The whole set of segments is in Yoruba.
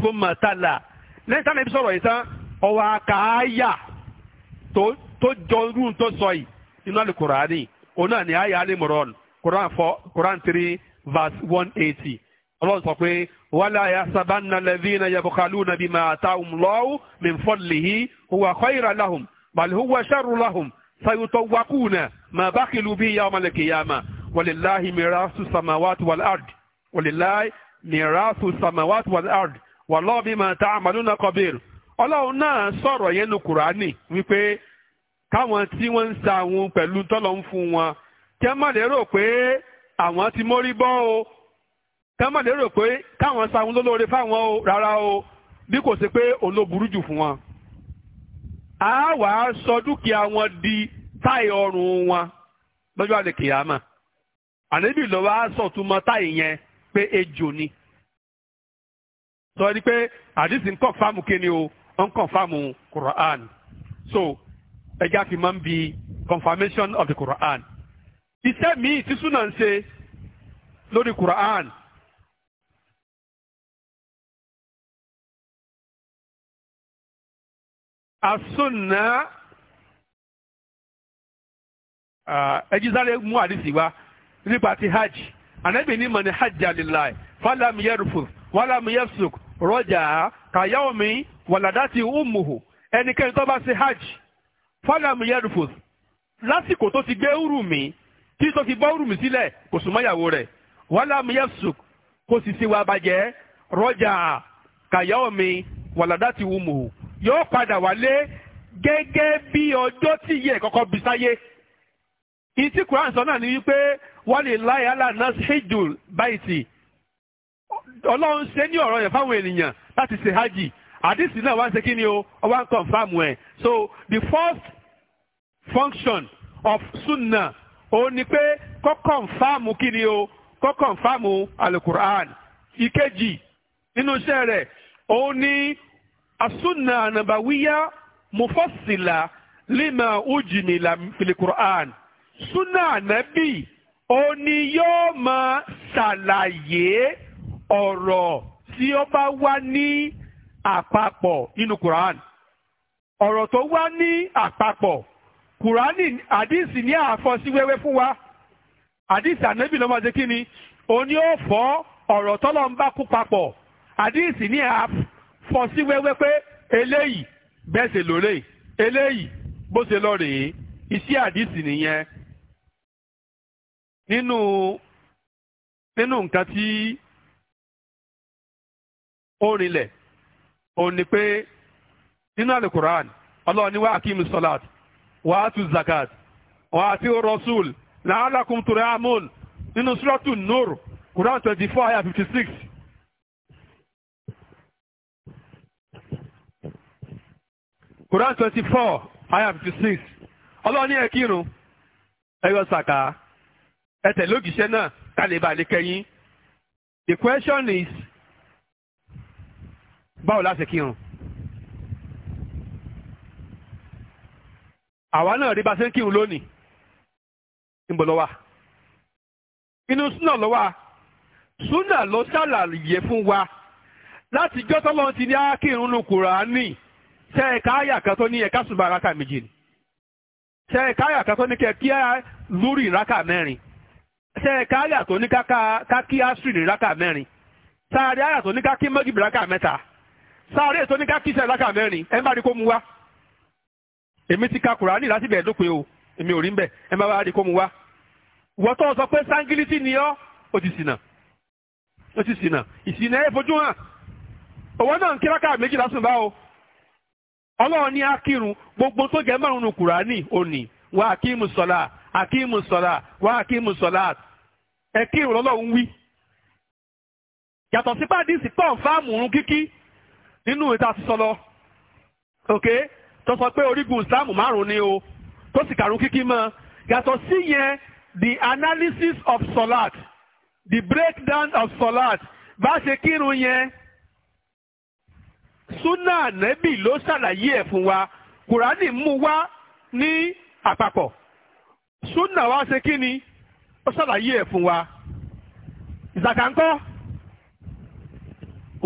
fúnmọ̀ tálà lẹ́yìn táwọn ẹbí sọ̀rọ̀ yìí tán ọwọ́ àkàáyà tó jọ irú tó sọ yìí nínú àlùkùránì òun náà ní àyà alimọ̀rọ̀n Quran four Quran three verse one eighty ọlọ́run sọ pé wala yasabanna alladhina yabkhaluna bima atahumullahu min fadlihi huwa khayran lahum bal huwa sharrun lahum sayutawwaquna ma bakhilu bihi yawmal qiyamah walillahi mirasu samawati wal ard walillahi mirasu samawati wal ard wallahu bima ta'maluna khabir ọlọ́run náà sọ̀rọ̀ yẹn nu kùránì wípé káwọn tí wọ́n ń sa àwọn pẹ̀lú tọ́lọ̀ ń fún wọn kẹ́ má rò pé àwọn ti mórí bọ́ o kẹ́ má rò pé káwọn sa àwọn lólóore fáwọn o rárá o bí kò sí pé òun jù fún wọn. a wà á sọ dúkìá wọn di táì ọrùn wọn lọ́jọ́ àlè kìyàmà àníbì lọ́wọ́ á sọ̀tún mọ́ táì yẹn pé ejò ni. sọ ni pé àdìsí ń kọ̀fàmù kíni o ń kọ̀fàmù Quran so ẹja fi máa ń bi confirmation of the Quran iṣẹ́ míì tí súnà ń ṣe lórí Quran asunna ah, ẹjísáré mú àdìsí wa nípa ti hajj anabi ní mọ̀ ní hajj alilai fàlámù yẹrùfù wàlámù yẹfsùk rọjà kàyà omi wàlàdàtì umuhu ẹnikẹ́ni tó bá ṣe hajj fọlẹ́mù yẹ́rùfòs lásìkò tó ti gbé urumi tí tó ti bọ́ urumi sílẹ̀ kò sùn mọ́yàwó rẹ̀ wàlàmù yẹ́sùk kò sì ṣe wà bàjẹ́ rọjà kàyà omi wàlàdàtì umuhu yóò padà wálé gẹ́gẹ́ bí ọjọ́ tí yẹ kọ́kọ́ bí sáyé. ìtí Kùránì náà ni wípé wọ́n lè láyà lánàá ṣèjù báyìí ọlọ́run ṣe ní ọ̀rọ̀ yẹn fáwọn ènìyàn láti ṣe hajj àdìsí náà wá ń ṣe kí ni o ọ wá ń confam ẹ̀ so the first function of sunna ó ní pé kó confam kí ni o kó confam alukur'an ìkejì nínú iṣẹ́ rẹ̀ ó ní asunna anabawiya mufassila lima ujimila filikur'an sunna anabi ó ní yóò máa ṣàlàyé. ọ̀rọ̀ tí ó bá wá ní àpapọ̀ nínú Quran ọ̀rọ̀ tó wá ní àpapọ̀ Quran àdìsí ní àfọsíwẹ́wẹ́ fún wa àdìsí ànábì ló máa ṣe kí ni òní ó fọ́ ọ̀rọ̀ tọ́lọ̀ ń bá kú papọ̀ àdìsí ní àfọsíwẹ́wẹ́ pé eléyìí bẹ́ẹ̀ ṣe lóore eléyìí bó ṣe lọ rèé iṣẹ́ àdìsí nìyẹn nínú nínú nǹkan tí ó rinlẹ̀ ó ní pé nínú alukur'an ọlọ́run ní wá akíyim sọlát wá atu zakat wá ati rọ́súl làálàkùn tó rẹ̀ amún nínú sọ́tù nur quran twenty four ayah fifty six. quran twenty four ayah fifty six ọlọ́run ní ẹ kírun ẹ yọ sàkà ẹ tẹ̀lé ògìṣẹ́ náà kálí ìbàlẹ̀ kẹyìn the question is. báwo la ṣe kírun. àwa náà rí bá ṣe ń kírun lónìí níbo ló inú súnà ló súnà ló ṣàlàyé fún wa láti jọ́ tọ́lọ́ ti ní ákírun lu kùránì ṣe ẹ̀ka àyà kan tó ní ẹ̀ka ṣùgbọ́n àràkà méjì ni ṣe ẹ̀ka àyà kan tó ní kẹ́ kí á lórí ìrákà mẹ́rin ṣe ẹ̀ka àyà tó ní ká kí á sùn ìrákà mẹ́rin ṣe àyà tó ní ká kí mọ́gìbìrákà mẹ́ta. sáré ètò oníkà kíṣẹ́ lákà mẹ́rin ẹ bá rí kó mu wá èmi ti ka kùránì láti bẹ̀ẹ́ o èmi ò rí mbẹ̀ ẹ bá rí kó mu wá wọ́n tó sọ pé sangiliti ni ọ́ ó ti ṣìnà ó ti ẹ fojú hàn òwò náà ń kíláka méjì lásùn bá o gbogbo tó jẹ́ márùn-ún kùránì òní wà akíìmù sọ̀lá akíìmù sọ̀lá wà akíìmù ẹ kírun lọ́lọ́run wí yàtọ̀ nínú ìwé tá a ti sọ lọ ok tó sọ pé orígun islam márùn ni o tó sì kàrún kíkí mọ́ yàtọ̀ sí yẹn the analysis of solat, the breakdown of solat. bá ṣe kírun yẹn súnà nẹ́bì ló ṣàlàyé ẹ̀ fún wa kùránì mú wá ní àpapọ̀ súnà wa ṣe kí ni ó ṣàlàyé ẹ̀ fún wa ìzàkà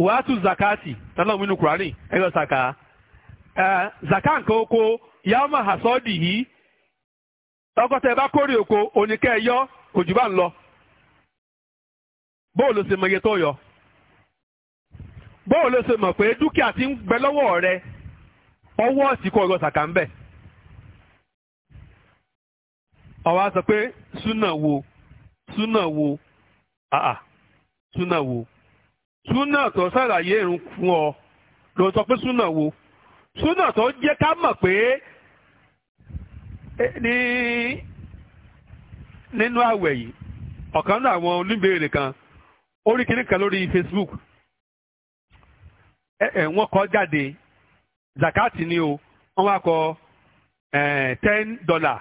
wàátù zakati tálọ́ nínú kurani ẹ̀yọ́ zaka nǹkan oko yàmà hasọ́ọ̀dì yìí ọkọ̀tẹ̀ bá kórè oko oníkẹ́ ẹ̀yọ́ kò jù bá ń lọ bóòlù ṣe mọ iye tó yọ bóòlù ṣe mọ̀ pé dúkìá ti ń gbẹ lọ́wọ́ rẹ ọwọ́ ọ̀sìnkú ọ̀rọ̀ sàkà ń sọ pé súnà wo súnà wo súnà wo. súnà tó ṣàlàyé irun fún ọ ló sọ pé súnà wo súnà tó jẹ́ ká mọ̀ pé eh, ní nínú àwẹ̀ yìí ọ̀kan náà àwọn oníbèrè kan orí kìíní kan lórí Facebook ẹ eh, ẹ eh, wọ́n kọ jáde zakati ni o wọ́n wá kọ ten dollar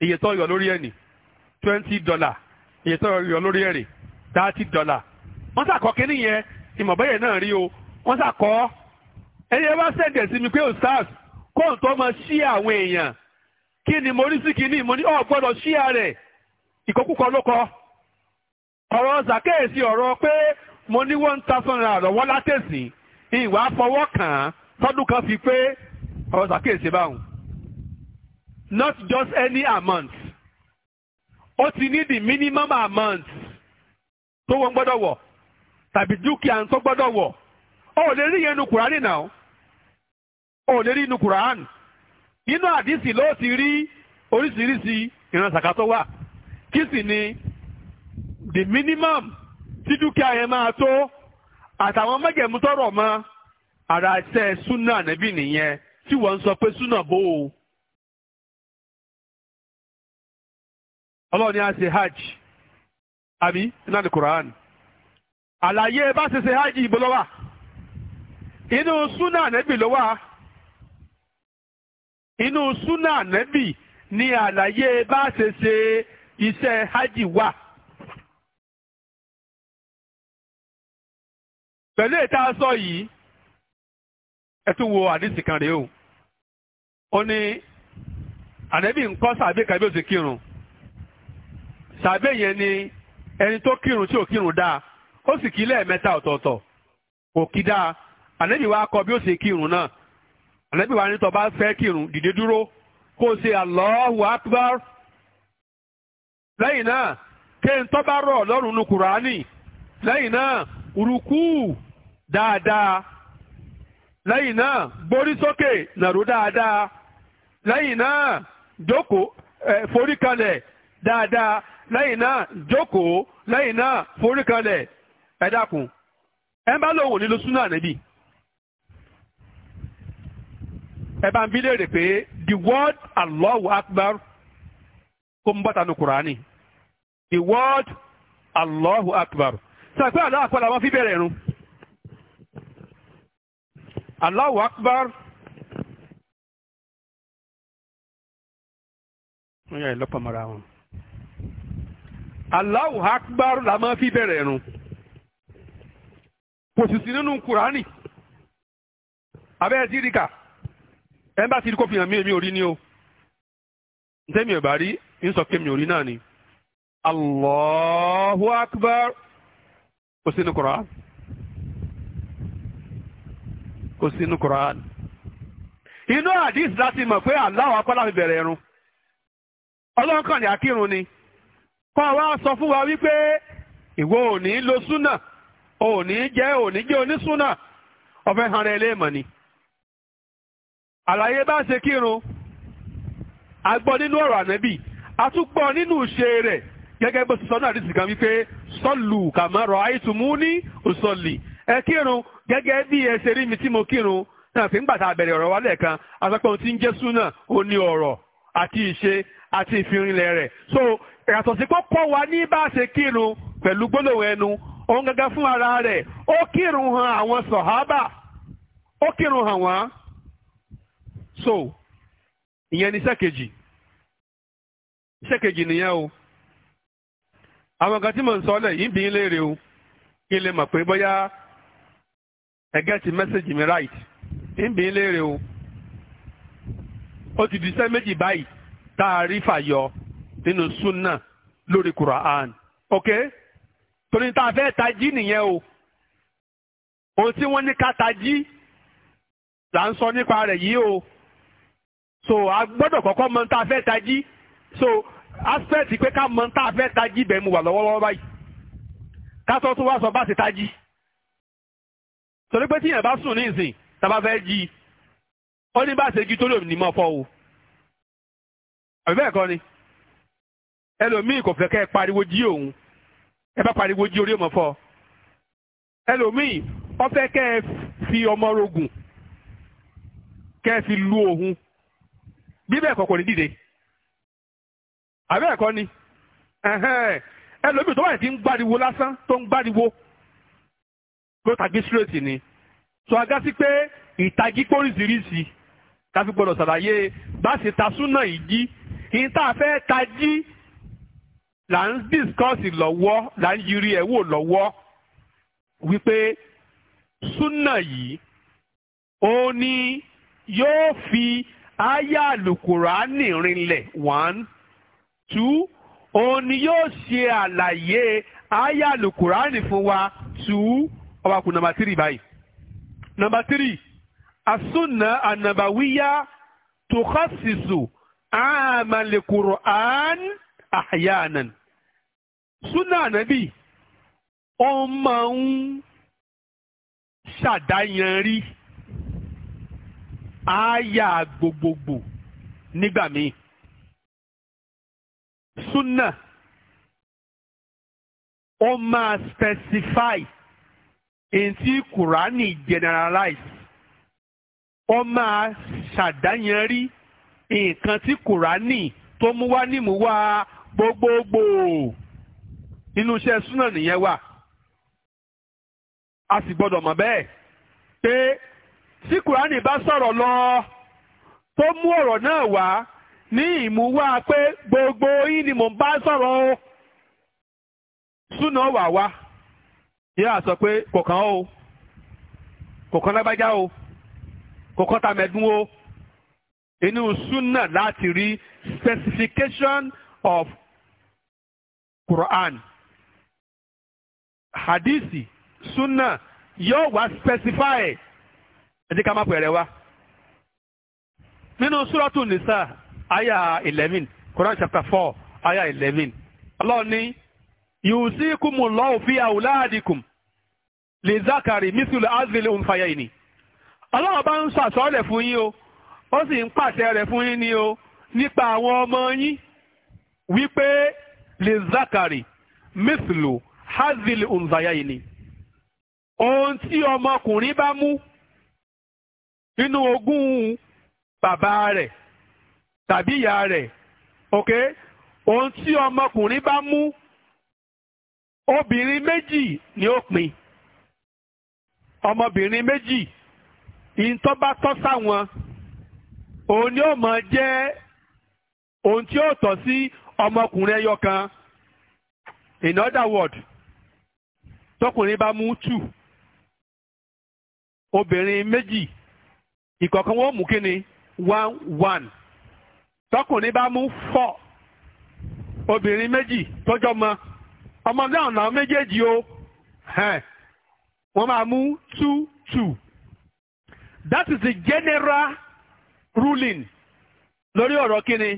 iye tó yọ lórí ẹni twenty dollar iye tó yọ lórí ẹni thirty dollar wọ́n sàkọ́ kínní yẹn ìmọ̀bẹ́yẹ náà rí o wọ́n sàkọ́ ẹni ẹ bá sẹ̀dẹ̀ sí mi pé ostars kóńtó máa ṣí àwọn èèyàn kí ni mo rí sí kínní mo ní ọ̀ gbọ́dọ̀ ṣí àrẹ̀ ìkókúkọ ló kọ ọ̀rọ̀ sàkéèsì ọ̀rọ̀ pé mo ní one thousand naira lọ́wọ́ látẹ̀sìn ìwà fọwọ́ kàn án tọ́dún kan fi pé ọ̀rọ̀ sàkéèsì báwọn not just any amount ó ti ní the minimum amount tó wọ́n gbọ́dọ̀ wọ̀ tàbí dúkìá tó gbọ́dọ̀ wọ̀ ó lè rí yẹn nu kùránì náà ó lè rí nu kùránì nínú àdìsí ló ti rí oríṣiríṣi ìran sàká wà kí sì ni the minimum tí dúkìá yẹn máa tó àtàwọn mẹ́jẹ̀mú tọrọ mọ́ ara iṣẹ́ súnà nẹ́bí nìyẹn tí wọ́n ń sọ pé súnà bò ó. ọlọ́run ni a ṣe hajj àbí nínú àdìkùránì. àlàyé bá ṣe ṣe hajj ibo ló inú súnà nẹ́bì ló inú súnà nẹ́bì ni àlàyé bá ṣe ṣe iṣẹ́ hajj wà. pẹ̀lú ètò aṣọ yìí ẹ tún wo àdìsí kan rèé o ó ní ànẹ́bì ń kọ́ sàbẹ̀ kàbí ó kírun sàbẹ̀ yẹn ni ẹni tó kírun tí ò kírun dáa. ó sì kí lẹ́ẹ̀mẹ́ta ọ̀tọ̀ọ̀tọ̀ kò kí dáa ànábì wa kọ́ bí ó ṣe kírun náà ànábì wa ní tó bá fẹ́ kírun dìde dúró kó o ṣe Allahu Akbar lẹ́yìn náà kéhìn tó bá rọ̀ lọ́rùn nu kùránì lẹ́yìn náà rúkú dáadáa lẹ́yìn náà borí sókè nàró dáadáa lẹ́yìn náà forí kalẹ̀ dáadáa lẹ́yìn náà lẹ́yìn náà forí kalẹ̀ ẹ dákun ẹ bá lòun ò ní lo súnà níbí ẹ bá ń bí léèrè pé the word Allahu Akbar kó ń bọ́ta nu Kùránì the word Allahu Akbar sàpé Allahu Akbar làwọn fi bẹ̀rẹ̀ irun Allahu Akbar. wọ́n yà ẹ̀ Allahu Akbar la ma fi bẹ̀rẹ̀ irun. kò nínú kùránì abẹ́rẹ́ tí mi èmi ò rí ni o ntẹ́mi ò bá rí ń sọ kémi ò rí náà ni Allahu Akbar kò sí ní kùránì kò sí ní inú àdìs láti mọ̀ pé aláwọ̀ akọ́lá ni kọ́ wa sọ fún wa wípé ìwọ ò ní lo súnà. òní jẹ́ òní jẹ́ onísúnà ọ̀fẹ́ hàn rẹ̀ léèmọ̀ ni. àlàyé bá ṣe kírun a gbọ́ nínú ọ̀rọ̀ ànábì a tún gbọ́ nínú ìṣe rẹ̀ gẹ́gẹ́ bó ti sọ náà rísì kan wípé sọ́ọ̀lù kàmárọ̀ àìtùmú ní òsọ̀lì ẹ kírun gẹ́gẹ́ bí ẹ ṣe rí mi tí mo kírun náà fi ń gbà tá a ọ̀rọ̀ wa lẹ́ẹ̀kan àtọ́pẹ́ ohun tí ń jẹ́ súnà ó ní ọ̀rọ̀ àti ìṣe àti ìfirinlẹ̀ rẹ̀ so ìyàtọ̀ sí kọ́kọ́ wa ní bá a ṣe kírun pẹ̀lú gbólóhùn ẹnu òun gangan fún ara rẹ̀ ó kírun han àwọn sọ̀hábà ó kírun hàn wọ́n so ìyẹn ni sẹ́kejì sẹ́kejì nìyẹn o àwọn kan tí mò ń sọ lẹ̀ yìí bí léèrè o kí n lè mọ̀ pé bóyá ẹ gẹ́tì mẹ́sẹ̀gì mi right ń bí ń léèrè o ó ti di iṣẹ́ méjì báyìí tá a rí fàyọ nínú lórí ok. torí tá a fẹ́ tají nìyẹn o ohun tí wọ́n ní ká tají là ń sọ nípa rẹ̀ yìí o so a gbọ́dọ̀ kọ́kọ́ mọ tá a fẹ́ tají so aspect pé ká mọ tá a fẹ́ tají bẹ́ẹ̀ mu wà lọ́wọ́lọ́wọ́ báyìí ká tó tún wá sọ bá ti tají torí pé tíyẹn bá sùn ní ìsìn tá a bá fẹ́ jí ó ní bá ṣe jí torí òmìnira mọ́ fọ́ o àbí bẹ́ẹ̀ kọ́ ni ẹlòmíì kò fẹ́ kẹ́ ẹ pariwo jí òun ẹ bá pariwo jí orí ọmọ fọ́ ẹlòmíì ó fẹ́ kẹ́ ẹ fi ọmọ rogùn kẹ́ ẹ fi lu òun bí bẹ́ẹ̀ kọ́ kò ní dìde àbẹ́ ẹ̀kọ́ ni ẹlòmíì tó wà tí ń gbáriwo lásán tó ń gbáriwo ló tagi straight ni tó a gá sí pé ìtagi póríṣiríṣi ká fi gbọdọ̀ ṣàlàyé bá ṣe ta súnà yìí jí ìta fẹ́ ta jí là ń discuss lọ́wọ́ là ń yiri ẹ̀ wò lọ́wọ́ wípé súnà yìí ó ní yóò fi àyà àlùkùránì rinlẹ̀ one two òun ni yóò ṣe àlàyé àyà àlùkùránì fún wa two ọba kù nàmbà tírì báyìí nàmbà tírì àsúnà ànàbàwíyá tòkásìsù àmàlẹ̀kùránì àyànàn súnà ànábì ó máa ń ṣàdáyanrí àáyà gbogbogbò nígbà míì súnà ó máa specify èyí kurani generalize ó máa ṣàdáyanrí nǹkan tí kùránì tó mú wá nímú wá gbogbogbò inú iṣẹ́ súnà nìyẹn wà a sì gbọ́dọ̀ mọ̀ bẹ́ẹ̀ pé tí kùránì bá sọ̀rọ̀ lọ tó mú ọ̀rọ̀ náà wá ní ìmúwá pé gbogbo yín ni mò ń bá sọ̀rọ̀ o súnà wà wá yóò sọ pé kọ̀kan o kọ̀kan lágbájá o kọ̀kan tàmẹ̀dún o inú súnà láti rí specification of Quran hadisi sunna yóò wá specify ẹ ká má pẹ̀rẹ̀ wá nínú súrọ́tù nìsa aya Quran chapter 4 aya 11 Allah ní yusikumullahu fi awladikum lè zákàrí mísìlù azil òǹfàyàìní Allah bá ń sọ fún yín o ó sì ń pàṣẹ rẹ̀ fún yín ni o nípa àwọn ọmọ yín wípé Lezakari, zákàrì hazili hazil unzayaini ohun tí ọmọkùnrin bá mú nínú ogún bàbá rẹ̀ tàbí ìyá rẹ̀ ok ohun tí ọmọkùnrin bá mú obìnrin méjì ni ó pín ọmọbìnrin méjì ìtọ́ bá tọ́ sáwọn òun ni ó mọ̀ jẹ́ ohun tí ó tọ́ sí ọmọkùnrin ẹyọ kan in other word tọkùnrin bá mú two obìnrin méjì ìkọ̀ọ̀kan wọn mú kíni one one tọkùnrin bá mú four obìnrin méjì tọjọ́ mọ ọmọ náà náà méjèèjì o wọ́n máa mú two two that is the general ruling lórí ọ̀rọ̀ kíni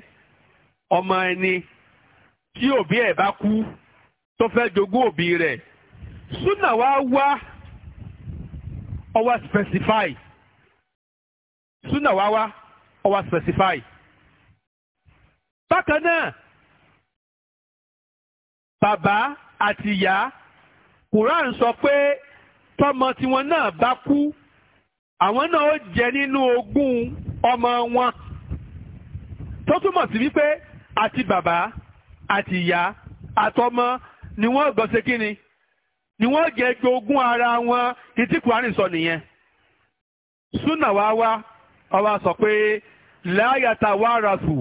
ọmọ ẹni tí òbí ẹ̀ bá kú tó fẹ́ jogún òbí rẹ̀ súnà wá wá ọwá specify súnà wá wá ọwá specify. bákan náà bàbá àti ìyá Quran sọ pé tọmọ tiwọn náà bá kú àwọn náà ó jẹ nínú ogún ọmọ wọn tó túmọ̀ sí wípé àti bàbá àtìyá àtọmọ ni wọ́n gbọ́ ṣe kí ni ni wọ́n jẹ jogún ara wọn títí kùránì sọ nìyẹn. súnà wá wá ọba sọ pé láyàtà wàràsù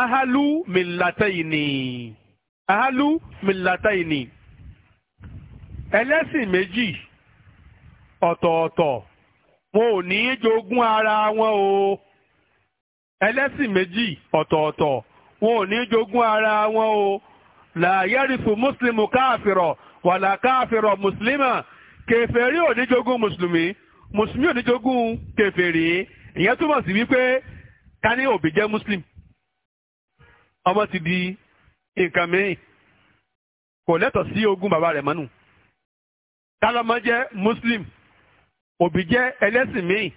ahalu milatayini ahalu milatayini ẹlẹ́sìn méjì ọ̀tọ̀ọ̀tọ̀ wọn ò ní jogún ara wọn o ẹlẹ́sìn méjì ọ̀tọ̀ọ̀tọ̀ wọn ò ní jogún ara wọn o làyẹ́rìfù mùsùlùmù káàfìrọ̀ wàlà káàfìrọ̀ mùsùlùmà kèfèrí ò ní jogún mùsùlùmí mùsùlùmí ò ní jogún kèfèrí ìyẹn túmọ̀ sí wípé ká ní òbí jẹ́ mùsùlùm ọmọ ti di nǹkan mìíràn kò lẹ́tọ̀ sí ogún bàbá rẹ̀ mọ́nù tálọ́mọ jẹ́ mùsùlùm òbí jẹ́ ẹlẹ́sìn mìíràn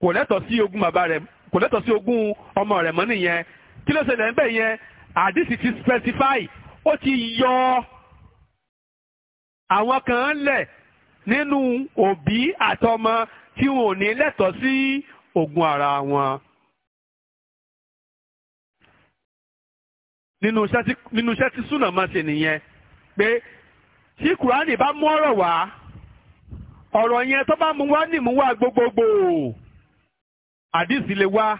kò lẹ́tọ̀ sí ogún bàbá rẹ̀ kò lẹ́tọ̀ sí ogún ọmọ rẹ̀ mọ́nù yẹn kí ló ṣẹlẹ̀ ń bẹ̀ yẹn àdìsí ti specify ó ti yọ àwọn kan lẹ̀ nínú òbí àtọmọ tí wọn ò ní lẹ́tọ̀ọ́ sí ogún ara wọn. nínú iṣẹ́ tí súnà máa ṣe nìyẹn pé tí kùránì bá mú ọ̀rọ̀ wá ọ̀rọ̀ yẹn tó bá mú wá nìmú wá gbogbogbò àdìsí lè wá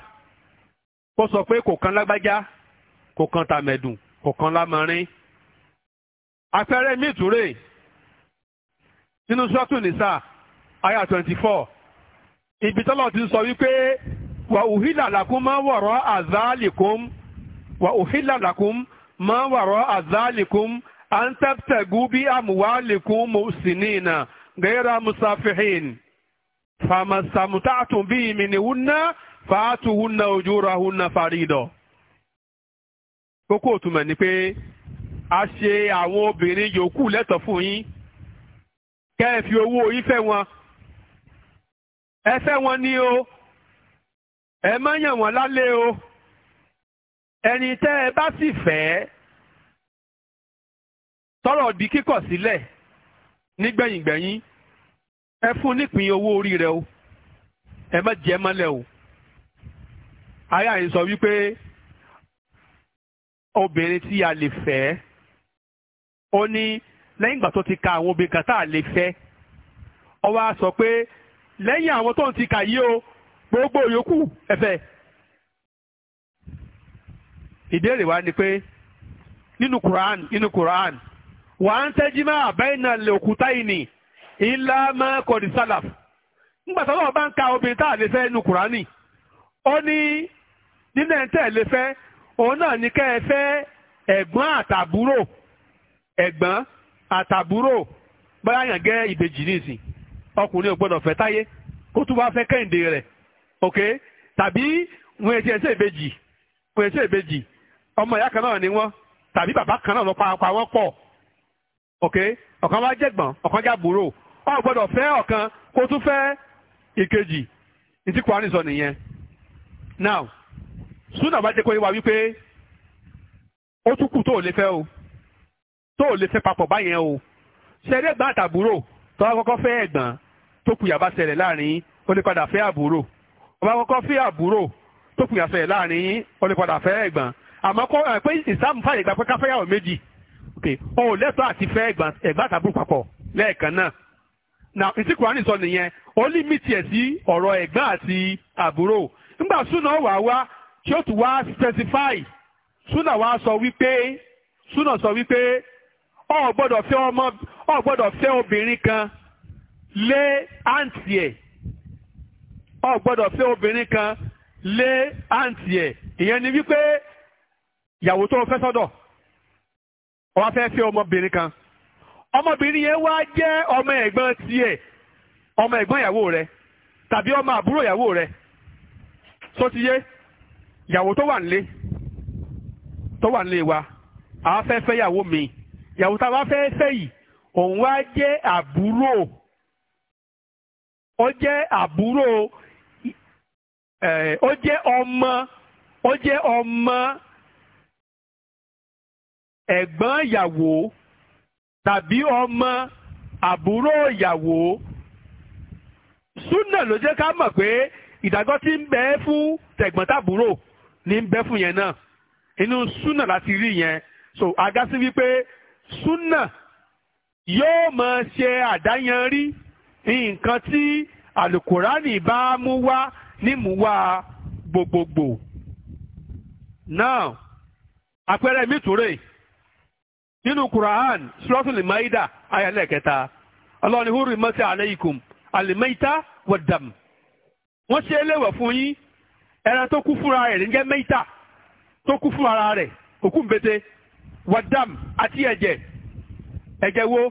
kó sọ pé kò kan lágbájá kò kan tàmẹ̀dùn kò kan lámọrin. àpẹẹrẹ míì tún rèé nínú sọ́tù nìsà aya twenty four ibi tọ́lọ̀ ti sọ wípé wà òhìlà làkún máa wọ̀rọ̀ àzáàlìkún wà òhìlà làkún máa wọ̀rọ̀ àzáàlìkún à ń tẹ́tẹ̀gù bí àmúwálìkún mo sì ní ìnà gẹ́rà musafihin fàmàsàmùtàtùn bíi mìnìwúnà fàátùhúnna ujurahunna faridọ. kókó òtúmọ̀ ni pé a ṣe àwọn obìnrin yòókù lẹ́tọ̀ fún yín kẹ́ ẹ fi owó yín fẹ́ wọn. ẹ fẹ́ wọn ní o ẹ má yàn wọ́n o ẹni tẹ́ ẹ bá sì fẹ́ tọrọ di ẹ fún nípìn owó orí rẹ o ẹ má o. aya yìí sọ wípé obìnrin tí a lè fẹ́ ó ní lẹ́yìn ìgbà tó ti ka àwọn obìnrin kan tá a lè fẹ́ wá sọ pé lẹ́yìn àwọn tó ti kà yí o gbogbo ẹ̀fẹ̀. ìbéèrè wa ni pé nínú Quran nínú Quran wà á ń tẹ́jú máa náà lè òkúta yìí ni máa ka obìnrin tá a lè fẹ́ nínú Quran ni nínú ẹ̀ ń tẹ̀lé fẹ́ òun náà ní kẹ́ ẹ fẹ́ ẹ̀gbọ́n àtàbúrò ẹ̀gbọ́n àtàbúrò bóyá yàn gẹ́ ìbejì nìsín ọkùnrin ò gbọ́dọ̀ fẹ́ táyé kó tún wá fẹ́ kẹ́hìndé rẹ̀ ok tàbí wọn èsì ẹ̀sẹ̀ ìbejì wọn èsì ìbejì ọmọ ìyá kan náà ni wọ́n tàbí bàbá kan náà lọ pa wọ́n pọ̀ ok ọ̀kan wá jẹ̀gbọ́n ọ̀kan jábúrò ọ̀ gbọ́dọ̀ fẹ́ ọ̀kan kó tún fẹ́ ìkejì ní tí nìyẹn now súnà bá jẹ́ kó yé wa wípé ó tún kù tó ò lè fẹ́ o tó ò lè fẹ́ papọ̀ báyẹn o ṣẹ̀rí ẹ̀gbọ́n àtàbúrò tó bá kọ́kọ́ fẹ́ ẹ̀gbọ́n tó kùyà bá ṣẹlẹ̀ láàrin ó lè padà fẹ́ àbúrò ó bá kọ́kọ́ fẹ́ àbúrò tó kùyà ṣẹlẹ̀ láàrin ó lè padà fẹ́ ẹ̀gbọ́n àmọ́ kó ẹ pé ìsáàmù fàyè gbà pé ká fẹ́yàwó méjì o ò lẹ́tọ̀ọ́ àti fẹ́ ẹ̀gbọ́n àtàbúrò papọ̀ lẹ́ẹ̀kan náà na ìtí kùránì sọ nìyẹn ó límìtì ẹ̀ sí ọ̀rọ̀ ẹ̀gbọ́n tí ó tún wá specify súnà wá sọ wípé súnà sọ wípé ọ gbọ́dọ̀ fẹ́ ọmọ ọ gbọ́dọ̀ fẹ́ obìnrin kan lé àǹtí ẹ̀ ọ gbọ́dọ̀ fẹ́ obìnrin kan lé àǹtí ẹ̀ ìyẹn ni wípé ìyàwó tó fẹ́ sọ́dọ̀ ó wá fẹ́ fẹ́ ọmọbìnrin kan ọmọbìnrin yẹn wá jẹ́ ọmọ ẹ̀gbọ́n tiẹ̀ ọmọ ẹ̀gbọ́n ìyàwó rẹ̀ tàbí ọmọ àbúrò ìyàwó rẹ̀ sọ ti yé. So yàwó tó wà nílé tó wà nílé wa àwa fẹ́ fẹ́ ìyàwó mi yàwó tá a bá fẹ́ fẹ́ yìí òun wá jẹ́ àbúrò ó jẹ́ àbúrò ó jẹ́ ọmọ ó jẹ́ ọmọ ẹ̀gbọ́n yàwó tàbí ọmọ àbúrò yàwó súnà ló jẹ́ ká mọ̀ pé ìdájọ́ tí ń bẹ fún tẹ̀gbọ́n tàbúrò. ní ń bẹ́ fún yẹn náà inú súnà láti rí yẹn so agasi wípé súnà yóò máa ṣe àdáyanrí nǹkan tí alukurani bá mú wá nímúwá gbogbogbò now àpẹẹrẹ mi túre nínú quran suratul maida ayẹlẹ kẹta Allah ni hurrimat alaykum al-mayta wad-dam wọ́n ṣe eléwọ̀ fún yín ẹran tó kú fúnra rẹ̀ níjẹ́ mẹ́ta tó kú fúnra rẹ̀ òkú mbete wadam àti ẹ̀jẹ̀ ẹ̀jẹ̀ wo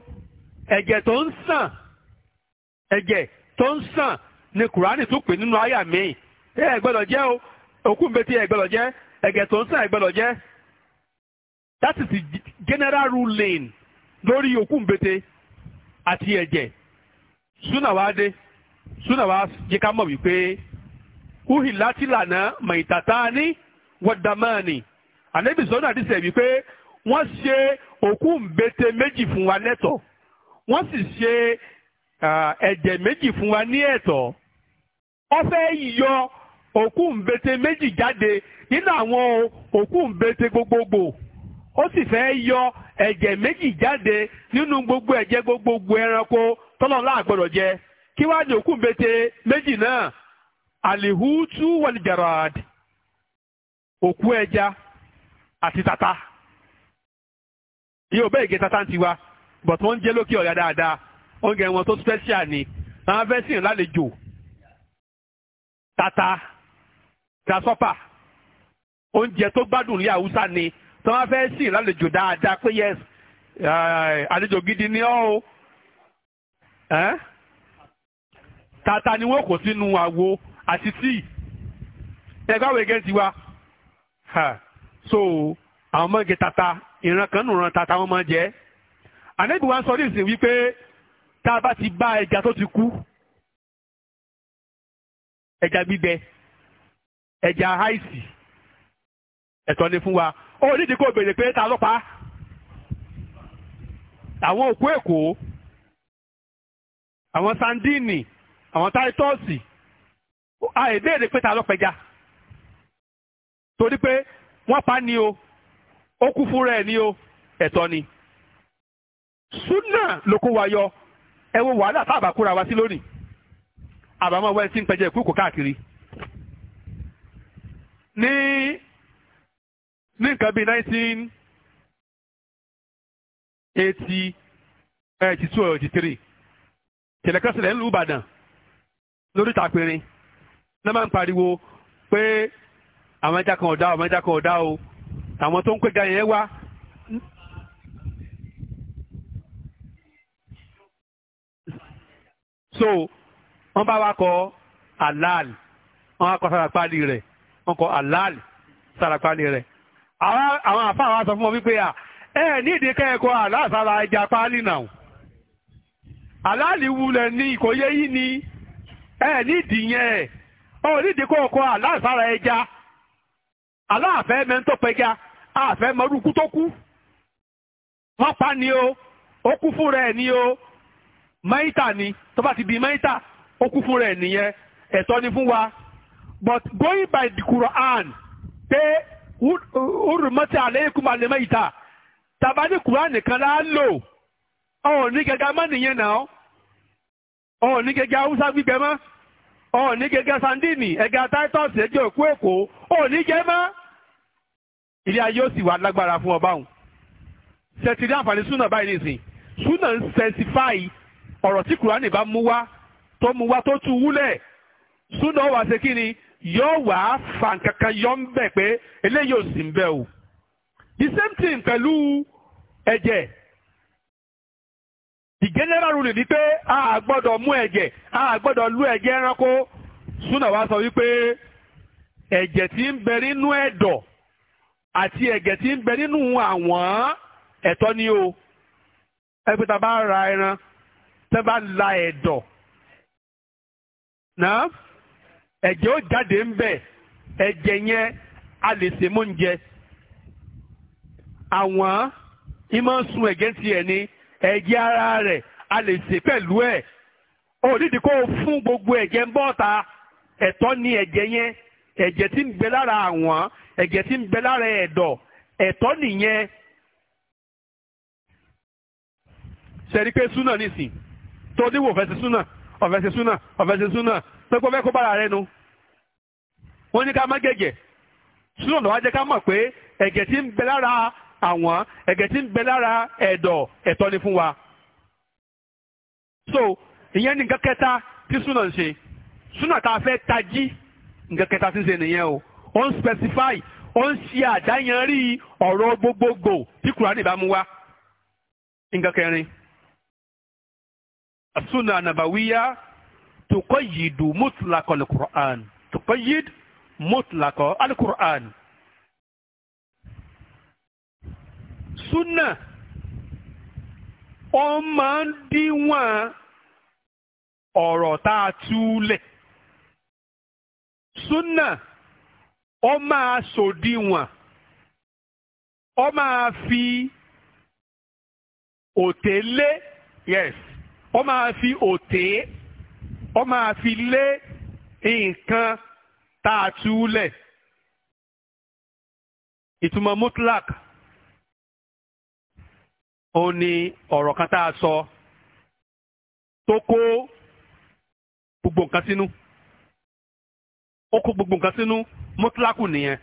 ẹ̀jẹ̀ tó ń sàn ẹ̀jẹ̀ tó ń sàn ni kùránì tó pè nínú àyà mi ẹ o òkú mbete ẹ gbọ́dọ̀ jẹ ẹ̀jẹ̀ tó ń sàn ẹ gbọ́dọ̀ that is the general ruling lórí òkú mbete àti ẹ̀jẹ̀ súnà wá dé súnà wá jẹ ká mọ̀ wípé. uhi láti lànà Wadamani. wọ̀dàmánì ànábì sọ́nà àdìsẹ́ wípé wọ́n ṣe òkú méjì fún wa lẹ́tọ̀ wọ́n sì ṣe ẹ̀jẹ̀ méjì fún wa ní ẹ̀tọ̀. wọ́n fẹ́ yọ òkú ńbete méjì jáde nínú àwọn òkú gbogbogbò ó sì fẹ́ yọ ẹ̀jẹ̀ méjì jáde nínú gbogbo ẹ̀jẹ̀ alihutu walijarad òkú ẹja àti tata yóò bẹ́ẹ̀ gé tata ti wa but wọ́n ń jẹ́ lókè ọ̀yà dáadáa oúnjẹ wọn tó special ni àwọn fẹ́sìn lálejò tata grasshopper oúnjẹ tó gbádùn ní haúsá ni tí wọ́n fẹ́ sìn lálejò dáadáa pé yes eh, àlejò gidi ni ọ́ o tata ni wọ́n kò sínú àwo àti tíì ẹgbẹ́ àwọn ẹgẹ́ ti wa so àwọn ọmọ ẹgẹ tata ìran kan nù ran tata wọn máa jẹ ànábì wa sọ nísìnyí wípé tá a bá ti bá ẹja tó ti kú ẹja gbígbẹ ẹja háìsì ẹ̀tọ́ ni fún wa ó nídìí kó béèrè pé ta ló pa àwọn òkú èkó àwọn sandini àwọn táítọ́ọ̀sì àìbéèrè pé ta ló pẹja torí pé wọ́n pa ni o ó kú fúnra ẹ̀ ni o ẹ̀tọ́ ni súnà ló kó wa yọ ẹ wo wàhálà tá a bá kóra wa sí lónìí àbámọ̀ wẹ́n tí ń pẹja ìkú kò káàkiri ní ní nǹkan bíi nineteen eighty eh, eighty two eighty three tẹlẹkẹsílẹ̀ ńlú Ìbàdàn lórí ìtàpẹ̀rin náà máa ń pariwo pé àwọn ẹja kan ọ̀dá àwọn ẹja kan ọ̀dá o àwọn tó ń péjá yẹn wá. so wọ́n bá wa kọ halal wọ́n á kọ sára páálí rẹ̀ wọ́n kọ Alal sára páálí rẹ̀ àwọn àfa àwọn sọ fún wọn wípé ẹ ní ìdí kẹ́ẹ̀kọ́ halal ẹja páálí náà halal wulẹ̀ ní ìkòyé ni ẹ ní ìdí yẹn ó nídìí kó ọkọ aláàfára ẹja aláàfẹ́ mẹ́ńtọ́pẹja àfẹ́ mọ́rúkú tó kú wọ́n pa ni o ó kú fún rẹ̀ ni o máìtà ni tó bá ti bí máìtà ó kú fún rẹ̀ nìyẹn ẹ̀tọ́ ni fún wa but going by the Quran pé urumati aleikum alemaita tàbá ní Quran nìkan lá lò ọ̀ọ́ ní gẹ́gẹ́ má nìyẹn náà ọ̀ọ́ ní gẹ́gẹ́ haúsá gbígbẹ́ mọ́. ọ̀ ní gẹ́gẹ́ sandini ẹ̀gẹ́ titus ẹ̀gẹ́ òkú èkó ọ̀ ní jẹ́ mọ́ ilé ayé ó sì wà lágbára fún ọba òun ṣètìlẹ́ àǹfààní súnà báyìí nìsín súnà ń sẹ́sifáì ọ̀rọ̀ tí kùránì bá mú wá tó mú wá tó tú wúlẹ̀ súnà ó wá ṣe kí ni yóò wá fà kankan yọ ń bẹ̀ pé eléyìí ò sì ń bẹ̀ o the same thing pẹ̀lú ẹ̀jẹ̀ the general rule ni pé a gbọ́dọ̀ mú ẹ̀jẹ̀ a gbọ́dọ̀ lu ẹ̀jẹ̀ ẹranko súnà wá sọ wípé ẹ̀jẹ̀ tí ń bẹ nínú ẹ̀dọ̀ àti ẹ̀jẹ̀ tí ń bẹ nínú àwọn ẹ̀tọ́ ni o ẹgbẹ́ tá a bá ra ẹran tá bá la ẹ̀dọ̀ náà ẹ̀jẹ̀ ó jáde ń bẹ ẹ̀jẹ̀ yẹn a lè ṣe mọ́ oúnjẹ àwọn ìmọ̀ sun ẹ̀jẹ̀ tiẹ̀ ni ẹ̀jẹ̀ ara rẹ̀ a lè ṣe pẹ̀lú ẹ̀ onídìí kó fún gbogbo ẹ̀jẹ̀ ń bọ̀ ta ẹ̀tọ́ ni ẹ̀jẹ̀ yẹn ẹ̀jẹ̀ tí ń bẹ lára àwọn ẹ̀jẹ̀ tí ń bẹ lára ẹ̀dọ̀ ẹ̀tọ́ nìyẹn sẹ́ni pé súnà nìsín tó níwò fẹ́ súnà ọ̀fẹ́ súnà ọ̀fẹ́ súnà pẹ́pẹ́ fẹ́ kó bára rẹ nu wọ́n ní ká má gẹ̀gẹ̀ súnà lọ́wọ́ àwọn ẹ̀gẹ̀ tí ń bẹ lára ẹ̀dọ̀ ẹ̀tọ́ ni fún wa. so ìyẹn ni nǹkan kẹta tí súnà ń ṣe súnà tá a fẹ́ tají nǹkan kẹta tí ń ṣe nìyẹn o ó ń specify ó ń ṣe àdáyanrí ọ̀rọ̀ gbogbogbò tí kùránì bá mú wá. nǹkan kẹrin súnà nàbàwíyá tukọ̀yìdù mutlakọ̀ alukur'an tukọ̀yìdù mutlakọ̀ alukur'an. súnà ó máa ń díwọ̀n ọ̀rọ̀ tá a túlẹ̀ ma so di ṣòdiwọ̀n ó ma fi òtè lé yes ó ma fi ote ó ma fi le nkan taa a túlẹ̀ ìtumọ̀ mutlak ó ní ọ̀rọ̀ kan sọ tó gbogbo nǹkan sínú ó kó gbogbo nǹkan sínú mọ́tíláàkù nìyẹn.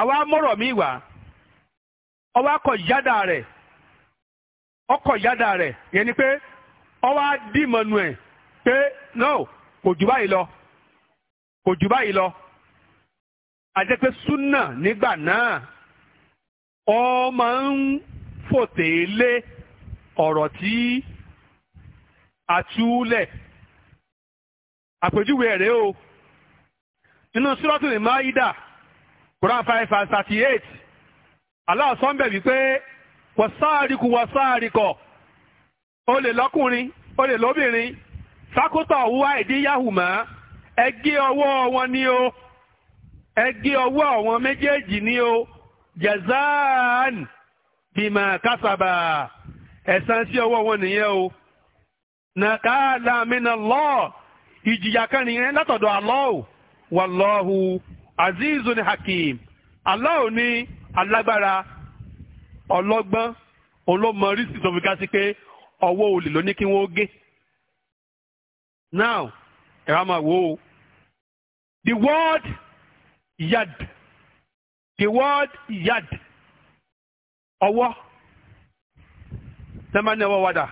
àwa mọ̀rọ̀ mi wá ọwọ́ akọ̀ yádà rẹ̀ ọkọ̀ yádà rẹ̀ yẹn ni no kò jù báyìí lọ kò jù báyìí lọ súnà nígbà náà ọ máa ń fòtè lé ọ̀rọ̀ tí a túlẹ̀ àpèjúwe rẹ̀ o Quran five and thirty eight lè lọ́kùnrin lè lóbìnrin ìdíyàwó mọ́ ẹ gé ọwọ́ wọn ní o ẹ gé ọwọ́ wọn méjèèjì o. jazaan bima kasaba ẹ̀san sí ọwọ́ wọn nìyẹn o Na minallah ìjìyà kan nìyẹn látọ̀dọ̀ Allah wallahu alọ hakim Allah ní alágbára ọlọ́gbọ́n olómọ rísì tó fi ká sí pé ọwọ́ olè ló ní kí wọ́n gé now ẹ̀rọ máa the word yad. The word yad, ọwọ. tẹ́mbà ní ọwọ́ wádà,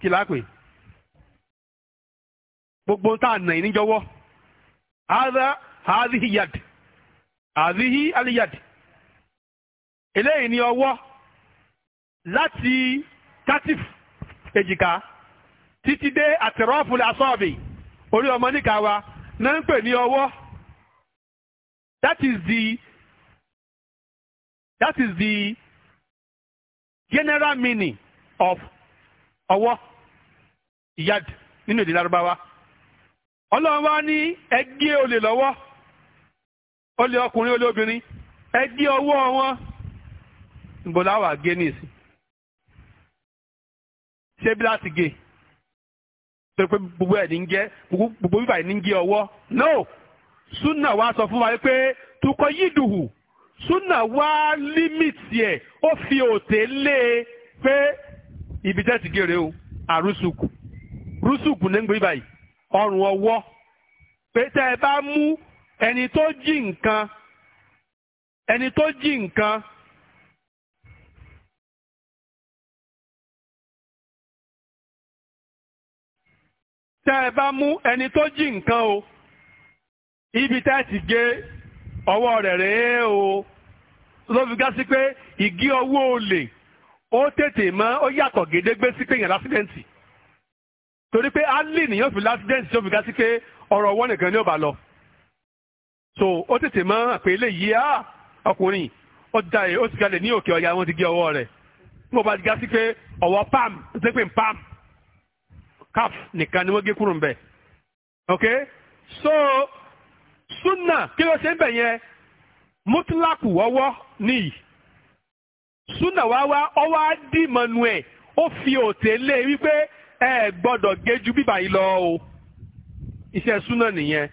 kí gbogbo pè? Gbogbo tá à nà yìí níjọ́wọ́, àádá àádìhì yad, àádìhì aliyad. Eléyìí ni ọwọ́ láti katif èjìká títí dé àtẹ̀rọ́fù lásọ̀ọ̀bì orí ọmọ níkà wa náà ń pè ní ọwọ́. That is the that is the general meaning of ọwọ́ ìyad nínú èdè Lárúbáwá. Ọlọ́run wá ní ẹgbẹ́ olè lọ́wọ́ olè ọkùnrin olè obìnrin ẹgbẹ́ ọwọ́ wọn ìbòláwà gé ní Ṣé bí gé? Sọ pé gbogbo ẹ̀ ní ń jẹ́ gbogbo bíbà ní ń gé ọwọ́? No! suna wa sọ fún wa pé tukọ̀ yìí dùhù súnà wa límìtì ẹ ó fi òtè lé e pé ibi tẹ́ ti gèrè o àrùsùkù rùsùkù ní gbé báyìí ọrùn ọwọ́ pé tẹ́ ẹ bá mú ẹni tó jí nǹkan ẹni tó jí nǹkan. ẹ bá mú ẹni tó jí nǹkan o. ibi tá a ti gé ọwọ́ rẹ̀ rèé o ló fi gá sí pé ìgé ọwọ́ olè ó tètè mọ́ ó yàtọ̀ gédégbé sí pé èèyàn lásìdẹ́ǹtì torí pé alì nìyẹn fi lásìdẹ́ǹtì tó fi gá sí pé ọ̀rọ̀ ọwọ́ nìkan ni ó bá lọ so ó tètè mọ́ àpè eléyìí á ah, ọkùnrin ó da ẹ̀ ó sì galè ní òkè ọ̀yà wọn ti gé ọwọ́ rẹ̀ mo bá ti gá sí pé ọwọ́ pam ṣe pam cap nìkan ni wọ́n gé kúrò ń bẹ̀ ok so. suna kí ló ṣe ń bẹ̀ yẹn mútíláàkù ọwọ́ nìyí súnà wá wá ọwọ́ á dì ẹ̀ ó fi òtè lé e wípé ẹ gbọ́dọ̀ gé ju bíbà yìí lọ o iṣẹ́ súnà nìyẹn.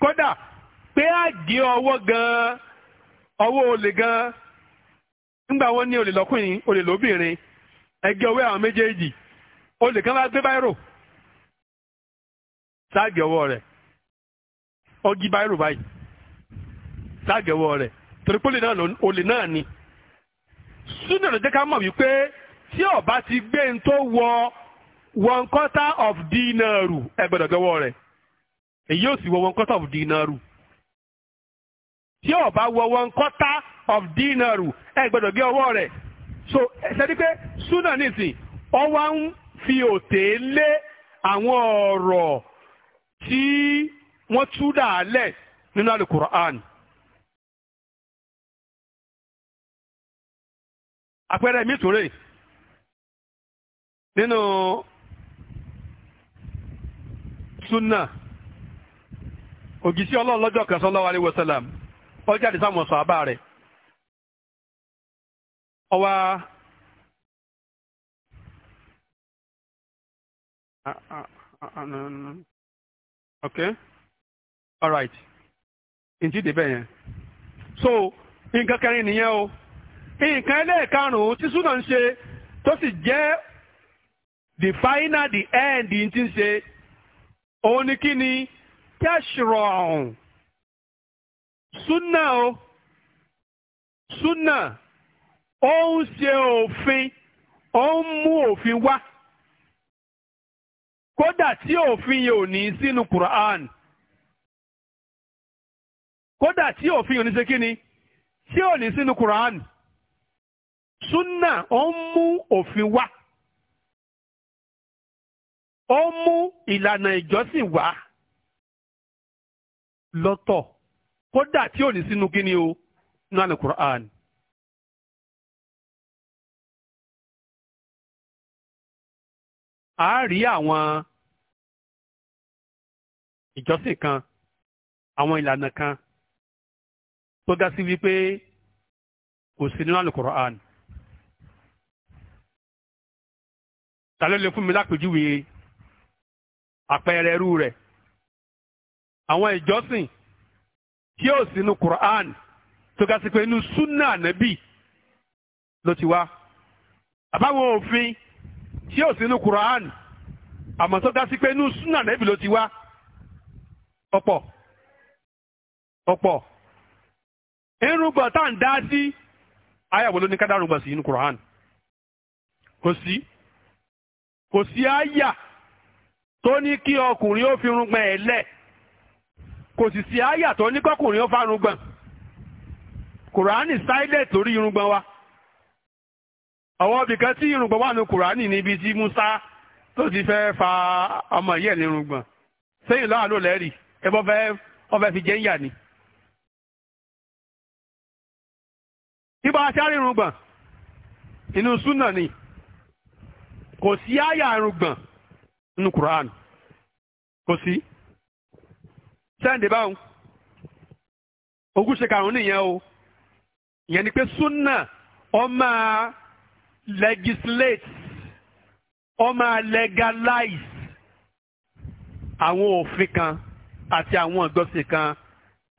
kódà pé àgé ọwọ́ gan-an ọwọ́ olè gan-an nígbà wọn ní olè lọ́kùnrin olè lóbìnrin ẹgbẹ́ ọwọ́ àwọn méjèèjì olè kan bá gbé báyìí rò táàgì ọwọ́ rẹ̀ ọgí báírò báyìí táàgì ọwọ́ rẹ̀ torí olè ni súnà ló jẹ́ ká mọ̀ wípé tí ọba ti gbé ń tó wọ one quarter of dinaru ẹ gbọ́dọ̀ gbọ́wọ́ rẹ̀ èyí sì wọ one quarter of dinaru tí ọba wọ one quarter of dinaru ọwọ́ so ni pé súnà nìsín ọwọ́ ń fi òtẹ́ lé àwọn ọ̀rọ̀ tí wọ́n tú dàálẹ̀ nínú alukur'an. àpẹẹrẹ mi tún rè nínú sunna ògìsí ọlọ́run lọ́jọ́ kan sallallahu alaihi wasallam ó jáde sáwọn ọ̀sán àbá rẹ̀ ọwá okay all right ǹjí débẹ̀ so nǹkan kẹrin nìyẹn o nǹkan ẹlẹ́ẹ̀karùn-ún tí súnà ń ṣe tó sì jẹ́ the final the end ti ń ṣe òun ni kí ni súnà o súnà ó ń ṣe òfin ó kódà tí òfin yìí ò ní sínú Quran kódà tí òfin yìí ò ní ṣe kíni tí ò ní sínú Quran sunna ó ń mú òfin wá ó ń mú ìlànà ìjọsìn wá lọ́tọ̀ kódà tí ò ní sínú kíni o nínú Quran. a rí àwọn ìjọsìn kan àwọn ìlànà kan tó dá sí wípé kò sí nínú àlùkùránì ta ló lè fún mi lápèjúwe àpẹẹrẹ irú rẹ̀ àwọn ìjọsìn tí ó sí nínú kùránì tó ga sí pé inú súnà ànábì ló ti wá àbáwọn òfin tí ó sí nínú àmọ́ tó ga sí pé inú súnà ànábì ló ti wá. ọ̀pọ̀ ọ̀pọ̀ irúgbọ̀n tá à ń dá sí ayàwó ló ní kádàrú gbọ̀n sí inú Quran kò sí kò sí àyà tó ní kí ọkùnrin ó fi irùngbọ̀n ẹ̀ lẹ̀ kò sì sí àyà tó ní kọkùnrin ó fa irùngbọ̀n Quran silent lórí irùngbọ̀n wa àwọn ibìkan tí irùngbọ̀n wà ní Quran níbi tí Musa tó ti fẹ́ fa ọmọ yẹ̀ ní irùngbọ̀n sẹ́yìn láàánú lẹ́rìí. ẹ bọ́ fẹ́ fi jẹ́ ni. níbo aṣáárì irùngbọ̀n inú súnà ni kò sí àyà irùngbọ̀n nínú Quran kò sí. sẹ́ǹdì báwọn ogún ṣe karùn-ún nìyẹn o ìyẹn ni pé súnà ó máa legislate ó máa legalize àwọn òfin kan àti àwọn ìjọsìn kan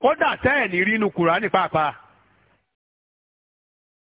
kódà tẹ́ ẹ̀ ní rí inú Kùránì pàápàá.